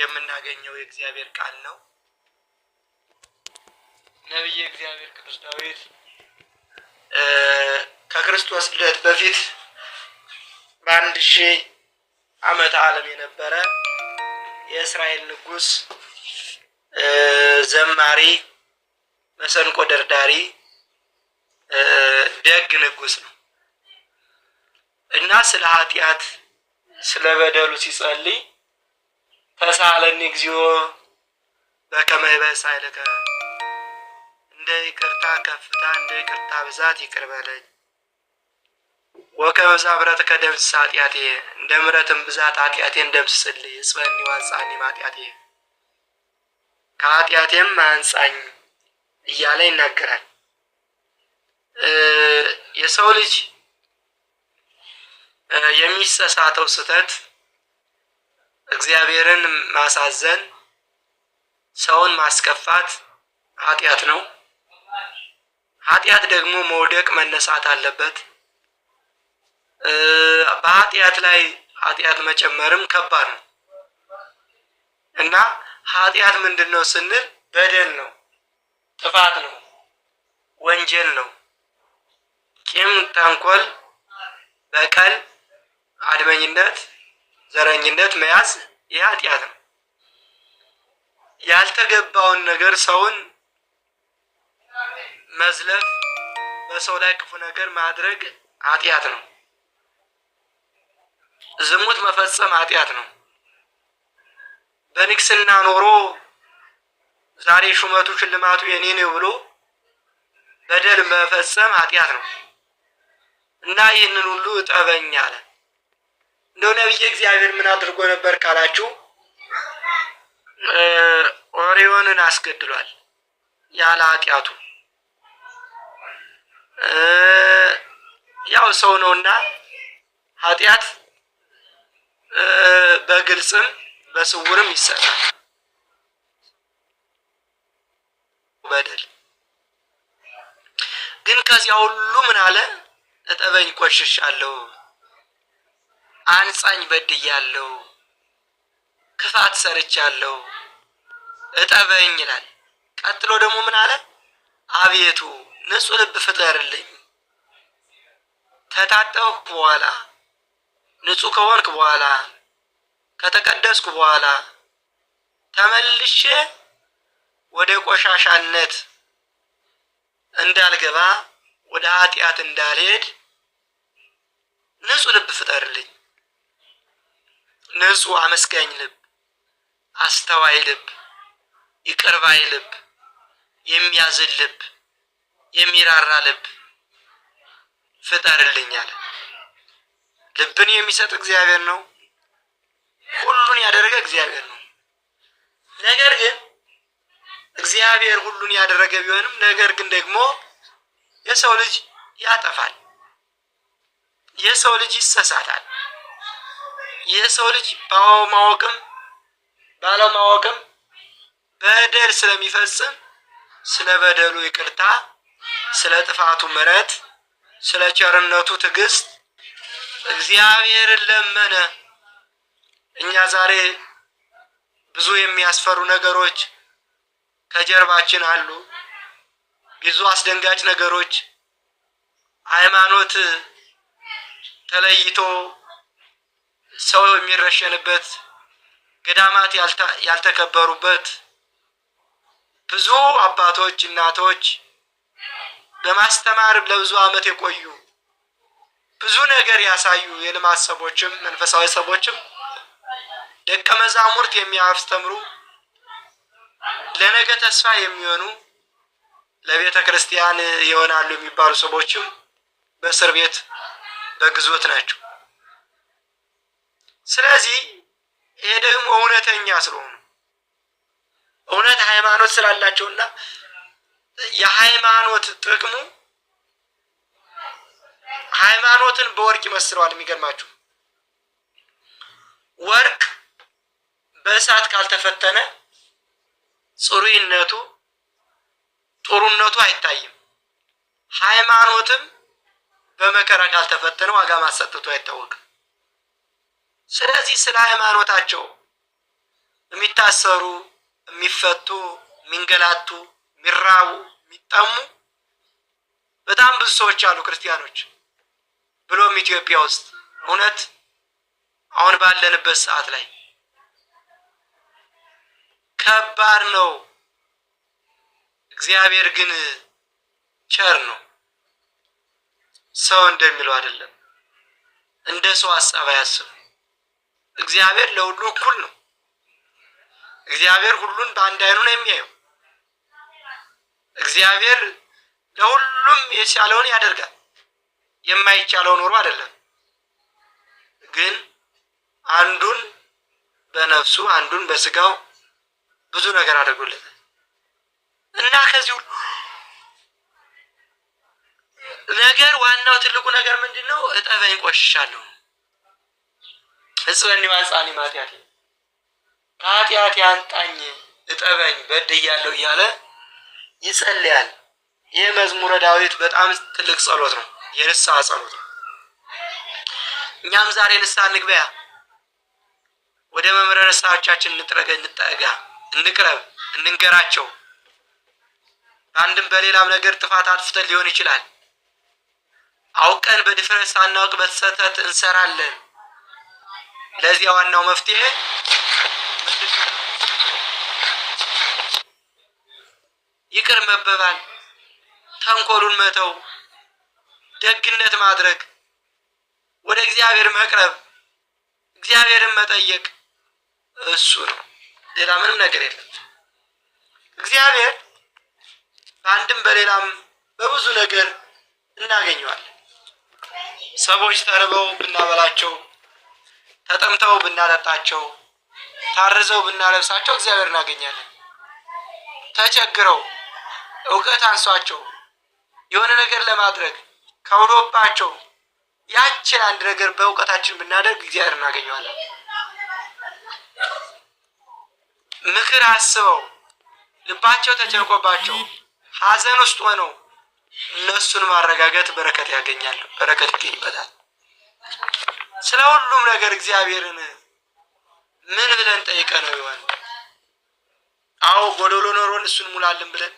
የምናገኘው የእግዚአብሔር ቃል ነው። ነቢየ እግዚአብሔር ቅዱስ ዳዊት ከክርስቶስ ልደት በፊት በአንድ ሺህ አመት ዓለም የነበረ የእስራኤል ንጉስ፣ ዘማሪ፣ መሰንቆ ደርዳሪ፣ ደግ ንጉስ ነው እና ስለ ኃጢአት ስለ በደሉ ሲጸልይ ተሳለኒ እግዚኦ በከመ ይበሳይለከ እንደ ይቅርታ ከፍታ እንደ ይቅርታ ብዛት ይቅር በለኝ። ወከመ ዛብረትከ ደምስስ ኃጢአቴ እንደ ምሕረትም ብዛት ኃጢአቴን ደምስስልኝ። ይጽበኒ ዋንጻኒ ማጢአቴ ከኃጢአቴም አንጻኝ እያለ ይናገራል። የሰው ልጅ የሚሰሳተው ስህተት እግዚአብሔርን ማሳዘን፣ ሰውን ማስከፋት ኃጢአት ነው። ኃጢአት ደግሞ መውደቅ መነሳት አለበት። በኃጢአት ላይ ኃጢአት መጨመርም ከባድ ነው እና ኃጢአት ምንድን ነው ስንል በደል ነው፣ ጥፋት ነው፣ ወንጀል ነው። ቂም፣ ተንኮል፣ በቀል፣ አድመኝነት ዘረኝነት መያዝ ይህ ኃጢአት ነው። ያልተገባውን ነገር ሰውን መዝለፍ፣ በሰው ላይ ክፉ ነገር ማድረግ ኃጢአት ነው። ዝሙት መፈጸም ኃጢአት ነው። በንግስና ኖሮ ዛሬ ሹመቱ ሽልማቱ የኔ ነው ብሎ በደል መፈጸም ኃጢአት ነው እና ይህንን ሁሉ እጠበኝ አለ። እንደው ነብይ እግዚአብሔር ምን አድርጎ ነበር ካላችሁ ኦሪዮንን አስገድሏል ያለ ኃጢአቱ። ያው ሰው ነውና ኃጢአት በግልጽም በስውርም ይሰራል በደል። ግን ከዚያ ሁሉ ምን አለ እጠበኝ ቆሽሻለሁ አንጻኝ በድያለሁ፣ ክፋት ሰርቻለሁ፣ እጠበኝ ይላል። ቀጥሎ ደግሞ ምን አለ? አቤቱ ንጹህ ልብ ፍጠርልኝ። ከታጠብኩ በኋላ ንጹሕ ከሆንክ በኋላ ከተቀደስኩ በኋላ ተመልሼ ወደ ቆሻሻነት እንዳልገባ ወደ ኃጢአት እንዳልሄድ ንጹህ ልብ ፍጠርልኝ። ንጹሕ አመስጋኝ ልብ፣ አስተዋይ ልብ፣ ይቅርባይ ልብ፣ የሚያዝን ልብ፣ የሚራራ ልብ ፍጠርልኝ አለ። ልብን የሚሰጥ እግዚአብሔር ነው። ሁሉን ያደረገ እግዚአብሔር ነው። ነገር ግን እግዚአብሔር ሁሉን ያደረገ ቢሆንም ነገር ግን ደግሞ የሰው ልጅ ያጠፋል፣ የሰው ልጅ ይሰሳታል። የሰው ልጅ ባለማወቅም ባለማወቅም በደል ስለሚፈጽም ስለ በደሉ ይቅርታ፣ ስለ ጥፋቱ ምሕረት፣ ስለ ቸርነቱ ትዕግስት እግዚአብሔርን ለመነ። እኛ ዛሬ ብዙ የሚያስፈሩ ነገሮች ከጀርባችን አሉ። ብዙ አስደንጋጭ ነገሮች ሃይማኖት ተለይቶ ሰው የሚረሸንበት ገዳማት ያልተከበሩበት ብዙ አባቶች እናቶች በማስተማር ለብዙ ዓመት የቆዩ ብዙ ነገር ያሳዩ የልማት ሰዎችም መንፈሳዊ ሰዎችም ደቀ መዛሙርት የሚያስተምሩ ለነገ ተስፋ የሚሆኑ ለቤተ ክርስቲያን ይሆናሉ የሚባሉ ሰዎችም በእስር ቤት በግዞት ናቸው። ስለዚህ ይሄ ደግሞ እውነተኛ ስለሆኑ እውነት ሃይማኖት ስላላቸውና የሃይማኖት ጥቅሙ ሃይማኖትን በወርቅ ይመስለዋል። የሚገርማችሁ ወርቅ በእሳት ካልተፈተነ ጽሩይነቱ ጥሩነቱ አይታይም። ሃይማኖትም በመከራ ካልተፈተነ ዋጋ ማሰጠቱ አይታወቅም። ስለዚህ ስለ ሃይማኖታቸው የሚታሰሩ፣ የሚፈቱ፣ የሚንገላቱ፣ የሚራቡ፣ የሚጠሙ በጣም ብዙ ሰዎች አሉ ክርስቲያኖች ብሎም ኢትዮጵያ ውስጥ እውነት አሁን ባለንበት ሰዓት ላይ ከባድ ነው። እግዚአብሔር ግን ቸር ነው። ሰው እንደሚለው አይደለም። እንደ ሰው ሀሳብ አያስብ እግዚአብሔር ለሁሉ እኩል ነው። እግዚአብሔር ሁሉን በአንድ አይኑ ነው የሚያየው። እግዚአብሔር ለሁሉም የቻለውን ያደርጋል። የማይቻለው ኖሮ አይደለም። ግን አንዱን በነፍሱ አንዱን በስጋው ብዙ ነገር አድርጎለታል እና ከዚህ ሁሉ ነገር ዋናው ትልቁ ነገር ምንድን ነው? እጠበኝ ቆሽሻለሁ እጽበኒ ዋንጻኒ ማጢአቴ ከኃጢአቴ አንጣኝ እጠበኝ በድያለሁ እያለ ይጸልያል። ይህ መዝሙረ ዳዊት በጣም ትልቅ ጸሎት ነው፣ የንስሐ ጸሎት ነው። እኛም ዛሬ ንስሐ እንግበያ፣ ወደ መምህረ ንስሐዎቻችን እንጥረገ እንጠጋ፣ እንቅረብ፣ እንንገራቸው። በአንድም በሌላም ነገር ጥፋት አጥፍተን ሊሆን ይችላል። አውቀን በድፍረት ሳናውቅ በተሰተት እንሰራለን። ለዚህ ዋናው መፍትሄ ይቅር መበባል፣ ተንኮሉን መተው፣ ደግነት ማድረግ፣ ወደ እግዚአብሔር መቅረብ፣ እግዚአብሔርን መጠየቅ እሱ ነው። ሌላ ምንም ነገር የለም። እግዚአብሔር በአንድም በሌላም በብዙ ነገር እናገኘዋለን። ሰዎች ተርበው ብናበላቸው ተጠምተው ብናጠጣቸው፣ ታርዘው ብናለብሳቸው እግዚአብሔር እናገኛለን። ተቸግረው እውቀት አንሷቸው የሆነ ነገር ለማድረግ ከውዶባቸው ያችን አንድ ነገር በእውቀታችን ብናደርግ እግዚአብሔር እናገኘዋለን። ምክር አስበው ልባቸው ተጨንቆባቸው ሀዘን ውስጥ ሆነው እነሱን ማረጋገጥ በረከት ያገኛሉ፣ በረከት ይገኝበታል። ስለ ሁሉም ነገር እግዚአብሔርን ምን ብለን ጠይቀ ነው ይሆን? አዎ ጎዶሎ ኖሮን እሱን ሙላልን ብለን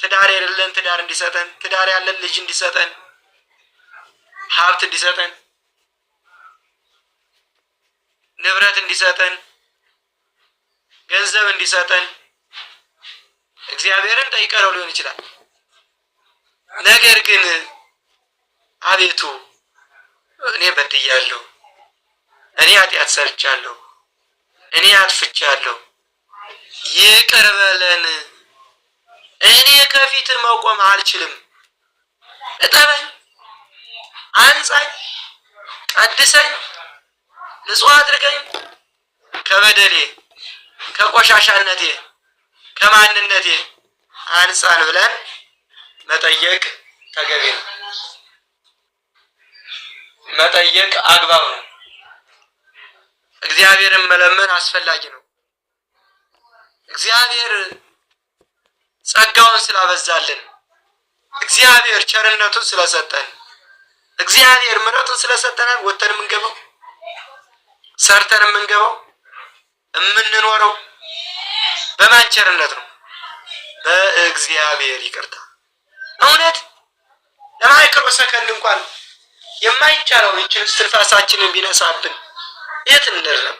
ትዳር የሌለን ትዳር እንዲሰጠን፣ ትዳር ያለን ልጅ እንዲሰጠን፣ ሀብት እንዲሰጠን፣ ንብረት እንዲሰጠን፣ ገንዘብ እንዲሰጠን እግዚአብሔርን ጠይቀ ነው ሊሆን ይችላል። ነገር ግን አቤቱ እኔ በድያለሁ፣ እኔ ኃጢአት ሰርቻለሁ፣ እኔ አጥፍቻለሁ፣ ይቅር በለን፣ እኔ ከፊት መቆም አልችልም፣ እጠበኝ፣ አንጻኝ፣ ቀድሰኝ፣ ንጹህ አድርገኝ ከበደሌ ከቆሻሻነቴ ከማንነቴ አንጻን ብለን መጠየቅ ተገቢ ነው። መጠየቅ አግባብ ነው። እግዚአብሔርን መለመን አስፈላጊ ነው። እግዚአብሔር ጸጋውን ስላበዛልን፣ እግዚአብሔር ቸርነቱን ስለሰጠን፣ እግዚአብሔር ምረቱን ስለሰጠናል ወተን የምንገባው ሰርተን የምንገባው የምንኖረው በማን ቸርነት ነው? በእግዚአብሔር ይቅርታ። እውነት ለማይክሮ ሰከንድ እንኳን የማይቻለው ይችን እስትንፋሳችንን ቢነሳብን የት እንደረም።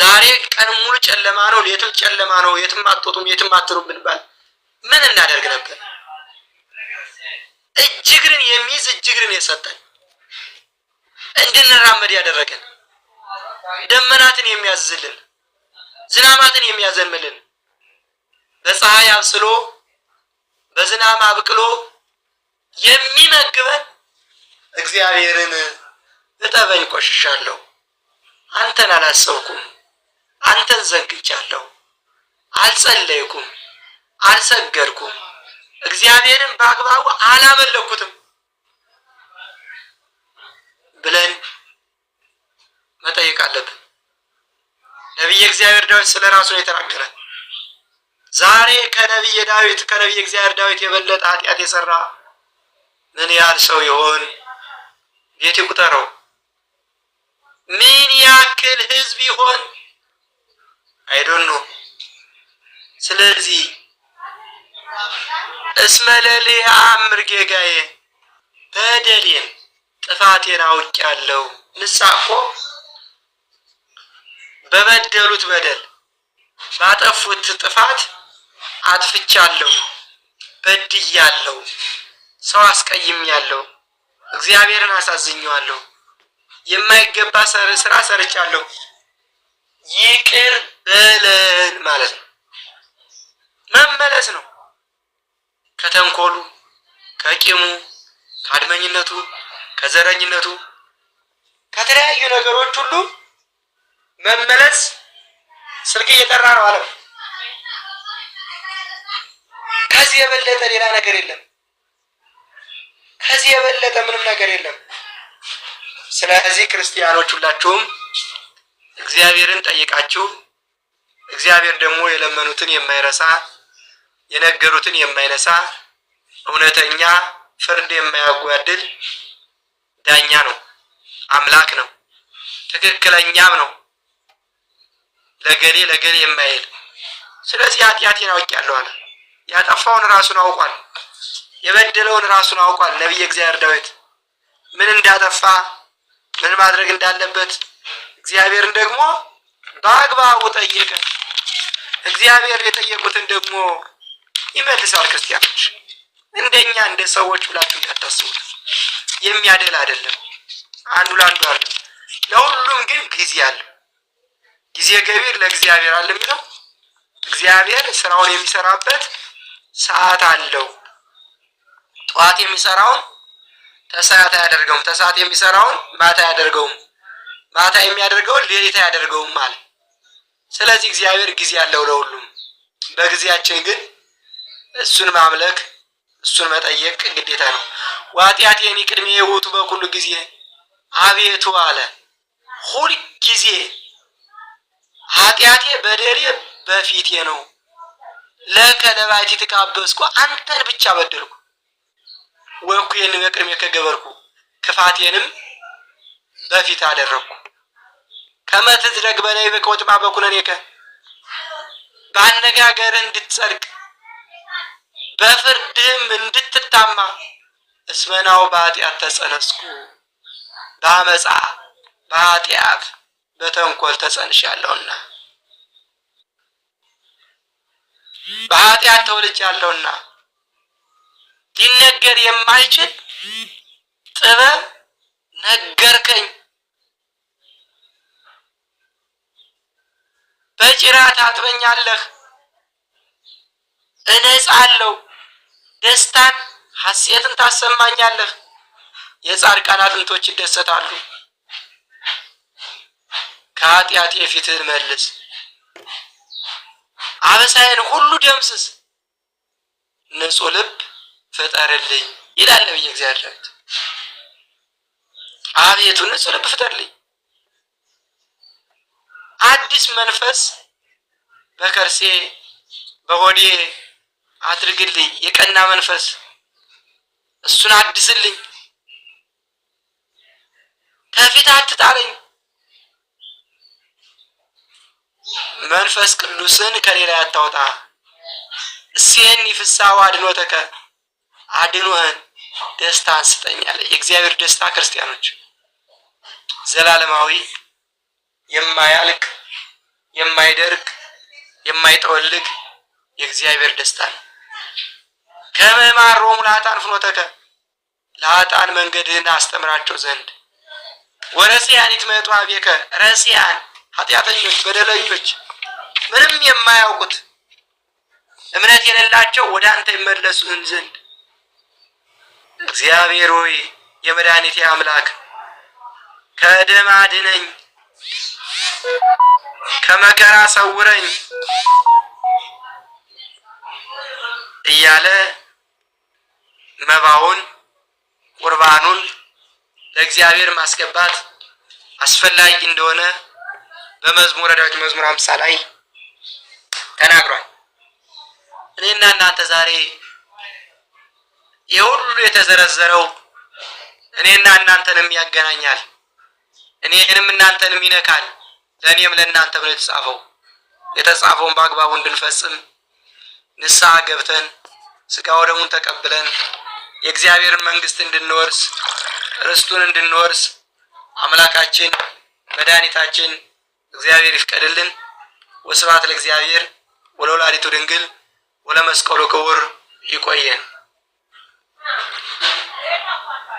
ዛሬ ቀን ሙሉ ጨለማ ነው፣ ሌትም ጨለማ ነው፣ የትም አትወጡም፣ የትም አትሩብን ባል ምን እናደርግ ነበር? እጅግርን የሚይዝ እጅግርን የሰጠን እንድንራመድ ያደረገን ደመናትን የሚያዝልን ዝናማትን የሚያዘምልን በፀሐይ አብስሎ በዝናም አብቅሎ የሚመግበን እግዚአብሔርን እጠበኝ፣ ቆሽሻለሁ፣ አንተን አላሰብኩም፣ አንተን ዘንግቻለሁ፣ አልጸለይኩም፣ አልሰገድኩም፣ እግዚአብሔርን በአግባቡ አላመለኩትም ብለን መጠየቅ አለብን። ነቢየ እግዚአብሔር ዳዊት ስለ ራሱ ነው የተናገረ። ዛሬ ከነቢየ ዳዊት ከነቢየ እግዚአብሔር ዳዊት የበለጠ ኃጢአት የሰራ ምን ያህል ሰው ይሆን? ቤት ይቁጠረው። ምን ያክል ህዝብ ይሆን? አይዶኖ ስለዚህ እስመለሌ አእምር ጌጋዬ በደሌን ጥፋቴን አውቄያለሁ። ንስሐ በበደሉት በደል ባጠፉት ጥፋት አጥፍቻለሁ፣ በድያለሁ። ሰው አስቀይም ያለው እግዚአብሔርን አሳዝኘዋለሁ፣ የማይገባ ስራ ሰርቻለሁ፣ ይቅር በለን ማለት ነው። መመለስ ነው ከተንኮሉ፣ ከቂሙ፣ ከአድመኝነቱ፣ ከዘረኝነቱ፣ ከተለያዩ ነገሮች ሁሉ መመለስ። ስልክ እየጠራ ነው አለ። ከዚህ የበለጠ ሌላ ነገር የለም። ከዚህ የበለጠ ምንም ነገር የለም። ስለዚህ ክርስቲያኖች ሁላችሁም እግዚአብሔርን ጠይቃችሁ እግዚአብሔር ደግሞ የለመኑትን የማይረሳ የነገሩትን የማይነሳ እውነተኛ ፍርድ የማያጓድል ዳኛ ነው፣ አምላክ ነው፣ ትክክለኛም ነው። ለገሌ ለገሌ የማይል ስለዚህ ኃጢአቴን አውቄያለሁ አለ። ያጠፋውን ራሱን አውቋል። የበደለውን ራሱን አውቋል። ነቢይ እግዚአብሔር ዳዊት ምን እንዳጠፋ ምን ማድረግ እንዳለበት እግዚአብሔርን ደግሞ በአግባቡ ጠየቀ። እግዚአብሔር የጠየቁትን ደግሞ ይመልሳል። ክርስቲያኖች እንደኛ እንደ ሰዎች ብላችሁ እንዳታስቡት፣ የሚያደል አይደለም። አንዱ ለአንዱ አለ፣ ለሁሉም ግን ጊዜ አለ። ጊዜ ገቢር ለእግዚአብሔር አለ የሚለው እግዚአብሔር ስራውን የሚሰራበት ሰዓት አለው። ጠዋት የሚሰራውን ተሰዓት አያደርገውም፣ ተሰዓት የሚሰራውን ማታ አያደርገውም፣ ማታ የሚያደርገውን ሌሊት አያደርገውም ማለት። ስለዚህ እግዚአብሔር ጊዜ አለው ለሁሉም። በጊዜያችን ግን እሱን ማምለክ እሱን መጠየቅ ግዴታ ነው። ዋጢአቴኒ ቅድሜ የውቱ በኩሉ ጊዜ አቤቱ አለ ሁል ጊዜ ኃጢአቴ በደሌ በፊቴ ነው። ለከ ለባቲ ተቃበስኩ አንተን ብቻ በደልኩ። ወኩየን በቅድሜ ከገበርኩ ክፋቴንም በፊት አደረግኩ። ከመትዝረግ በላይ በቆጥባ በኩነኔከ በአነጋገር እንድትጸድቅ በፍርድህም እንድትታማ እስመናው በኃጢአት ተጸነስኩ በአመፃ በኃጢአት በተንኮል ተጸንሻለሁና በኃጢአት ተወልጃለሁና ሊነገር የማይችል ጥበብ ነገርከኝ። በጭራ ታጥበኛለህ፣ እነጻለሁ። ደስታን ሐሴትን ታሰማኛለህ። የጻድቃን አጥንቶች ይደሰታሉ። ከኃጢአቴ ፊትህን መልስ፣ አበሳዬን ሁሉ ደምስስ። ንጹሕ ልብ ፍጠርልኝ ይላል ነብይ እግዚአብሔር ዳዊት። አቤቱ ንጹሕ ልብ ፍጠርልኝ፣ አዲስ መንፈስ በከርሴ በሆዴ አድርግልኝ፣ የቀና መንፈስ እሱን አድስልኝ፣ ከፊት አትጣለኝ። መንፈስ ቅዱስን ከሌላ ያታውጣ እሴን ይፍሳው አድኖ ተከ አድኖህን ደስታ አንስጠኛለ። የእግዚአብሔር ደስታ ክርስቲያኖች ዘላለማዊ የማያልቅ የማይደርግ የማይጠወልግ የእግዚአብሔር ደስታ ነው። ከመማር ሮሙ ለአጣን ፍኖተከ ለአጣን መንገድህን አስተምራቸው ዘንድ ወረሲያን ይትመጡ አቤከ ረሲያን ኃጢአተኞች፣ በደለኞች ምንም የማያውቁት እምነት የሌላቸው ወደ አንተ ይመለሱን ዘንድ እግዚአብሔር ሆይ የመድኃኒቴ አምላክ ከደም አድነኝ፣ ከመከራ ሰውረኝ እያለ መባውን ቁርባኑን ለእግዚአብሔር ማስገባት አስፈላጊ እንደሆነ በመዝሙረ ዳዊት መዝሙር አምሳ ላይ ተናግሯል። እኔና እናንተ ዛሬ የሁሉ የተዘረዘረው እኔና እናንተንም ያገናኛል፣ እኔንም እናንተንም ይነካል፣ ለእኔም ለእናንተ ነው የተጻፈው። የተጻፈውን በአግባቡ እንድንፈጽም ንስሐ ገብተን ስጋ ወደሙን ተቀብለን የእግዚአብሔርን መንግስት እንድንወርስ ርስቱን እንድንወርስ አምላካችን መድኃኒታችን እግዚአብሔር ይፍቀድልን። ወስብሐት ለእግዚአብሔር ወለወላዲቱ ድንግል ወለመስቀሉ ክቡር። ይቆየን። Ah,